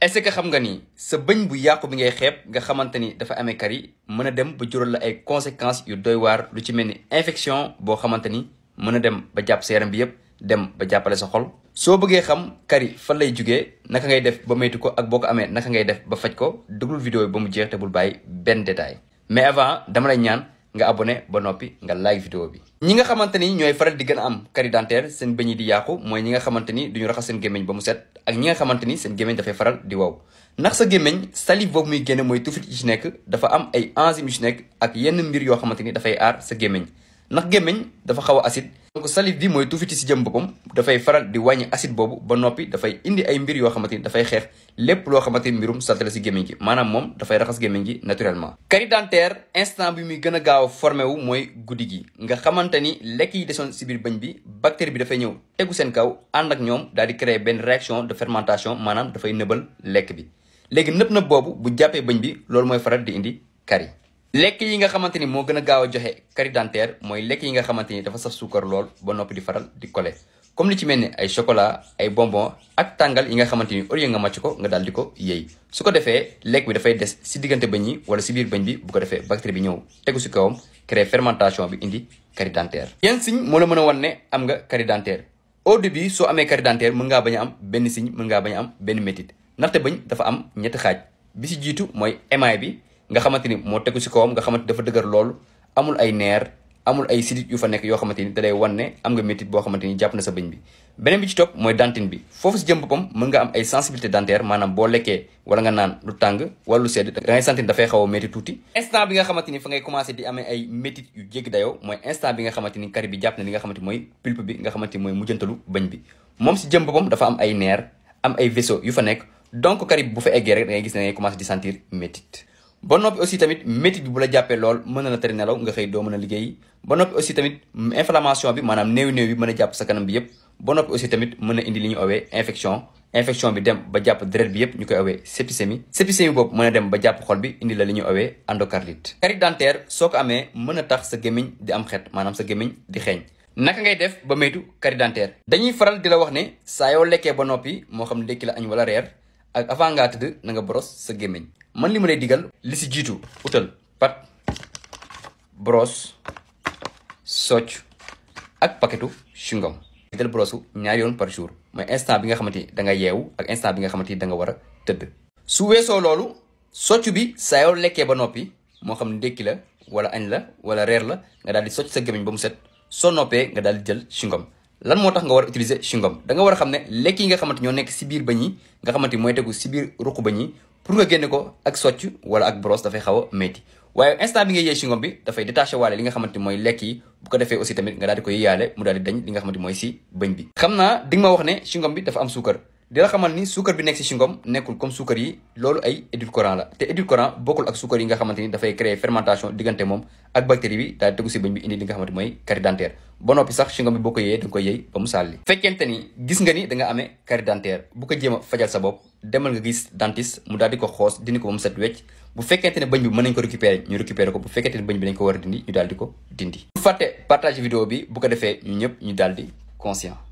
est-ce que xam nga ni sa bëñ bu yàqu bi ngay xeeb nga xamante ni dafa amee kari mën a dem ba jural la ay conséquences yu doy waar lu ci mel ni infection boo xamante ni mën a dem ba jàpp sa yaram bi yépp dem ba jàppale sa xol. soo bëggee xam kari fan lay jugee naka ngay def ba maytu ko ak boo ko amee naka ngay def ba faj ko déglul vidéo ba mu jeex te bul bàyyi benn détail mais avant dama lay ñaan. nga abonné ba noppi nga like vidéo bi ñi nga xamante ni ñooy faral di gën a am carie dentaire seen bëñ di yàqu mooy ñi nga xamante ni duñu raxas seen gémmiñ ba mu set ak ñi nga xamante ni seen gémmiñ dafay faral di wow ndax sa gémmiñ salive boobu muy génne mooy tuflit yi ci nekk dafa am ay enzymes ci nekk ak yenn mbir yoo xamante ni dafay aar sa gémmiñ ndax gémmiñ dafa xaw a acide donc salive bi mooy tuufiti si jëm boppam dafay faral di wàññi acide boobu ba noppi dafay indi ay mbir yoo xamante ni dafay xeex lépp loo xamante ni mbirum salte la si gémmiñ gi maanaam moom dafay raxas gémmiñ gi naturellement carie dentaire instant bi muy gën a gaaw a formé wu mooy guddi gi nga xamante ni lekk yi desoon si biir bëñ bi bactérie bi dafay ñëw tegu seen kaw ànd ak ñoom daal di créer benn réaction de fermentation maanaam dafay nëbal lekk bi léegi nëb nëb boobu bu jàppee bëñ bi loolu mooy faral di indi carie lekk yi nga xamante ni moo gën a gaaw a joxe carie dentaire mooy lekk yi nga xamante ni dafa saf suukar lool ba noppi di faral di kole comme li ci mel ni ay chocolat ay bonbon ak tàngal yi nga xamante ni au lieu nga màcc ko nga daal di ko yëy su ko defee lekk bi dafay des si diggante bëñ yi wala si biir bëñ bi bu ko defee bactérie bi ñëw tegu si kawam créer fermentation bi indi carie dentaire. yan signe moo la ne am nga carie au début soo amee carie dentaire mën ngaa bañ am benn signe mën ngaa bañ am benn métit ndaxte bëñ dafa am ñetti xaaj bi si jiitu mooy émail bi. nga xamante ni moo tegu si kawam nga xamante dafa dëgër loolu amul ay neer yu fa nekk yoo xamante ni wan ne am nga métit boo xamante ni jàpp na sa bëñ bi beneen bi ci topp mooy nga am ay sensibilité dentaire maanaam boo lekkee wala nga naan lu tàng wala lu sedd da ngay a métti tuuti instant bi nga xamante ni fa ngay commencé di amee ay métit yu jéggi dayoo mooy instant bi nga xamante na li nga xamante mooy pulpe bi nga xamante ni am ay neer am ay fa nekk donc carie bi bu fa eggee rek da ngay gis ne da ngay commencé di sentir métit ba noppi aussi tamit métit bi bu la jàppee lool mën na la tere nelaw nga xëy doo mën a liggéey ba noppi aussi tamit inflammation bi maanaam néew néew bi mën a jàpp sa kanam bi yëpp ba noppi aussi tamit mën na indi li infection bi dem ba jàpp deret bi yëpp ñu koy owee septicémie septicémie boobu mën a dem ba jàpp xol bi indi la li ñu owee endocardite carie dentaire soo ko amee mën a tax sa gémmiñ di am xet maanaam sa gémmiñ di xeeñ naka ngay def ba moytu carie dañuy faral di la wax ne saa yoo lekkee ba noppi moo xam ndékki la añ wala reer ak avant ngaa tëdd na nga boros sa gémmiñ man li ma lay digal li si jiitu utal pat brosse socc ak paquetu chewing-gum dal brosse ñaari yoon par jour mooy instant bi nga xamante ni da nga yeewu ak instant bi nga xamante ni da war a tëdd su weesoo loolu socc bi saa yoo lekkee ba noppi moo xam ne ndékki la wala añ la wala reer la nga daal di socc sa gémmiñ ba mu set soo noppee nga daal di jël chewing-gum lan moo tax nga war a utiliser danga war a xam ne lekk yi nga xamante ñoo nekk si biir bañ ñi nga xamante mooy tegu si biir ruq bañ yi pour nga génne ko ak socc wala ak brosse dafay xaw a métti waaye instant bi ngay yëy chewing-gum bi dafay détaché waale li nga xamante mooy lekk yi bu ko defee aussi tamit nga daal di koy yëyaale mu daal di li nga xamante mooy si bëñ bi xam naa di ma wax ne chewing-gum bi dafa am suukar di la ni suukar bi nekk si singom nekkul comme suukar yi loolu ay édulcorant la te édulcorant bokkul ak suukar yi nga xamante ni dafay créer fermentation diggante moom ak bactérie bi daal tegu si bëñ bi indi li nga xamante mooy carie dentaire ba noppi sax singom bi boo ko yee da nga ba mu sàlli fekkente ni gis nga ni danga nga amee carie bu ko jéem fajal sa bopp demal nga gis dentiste mu daal di ko xoos dindi ko ba mu set wecc bu fekkente ne bëñ bi mën nañ ko récupérer ñu récupérer ko bu fekkente ne bëñ bi dañ ko war ñu daal ko dindi bu fàtte partage vidéo bi bu ko defee ñu ñu daal di conscient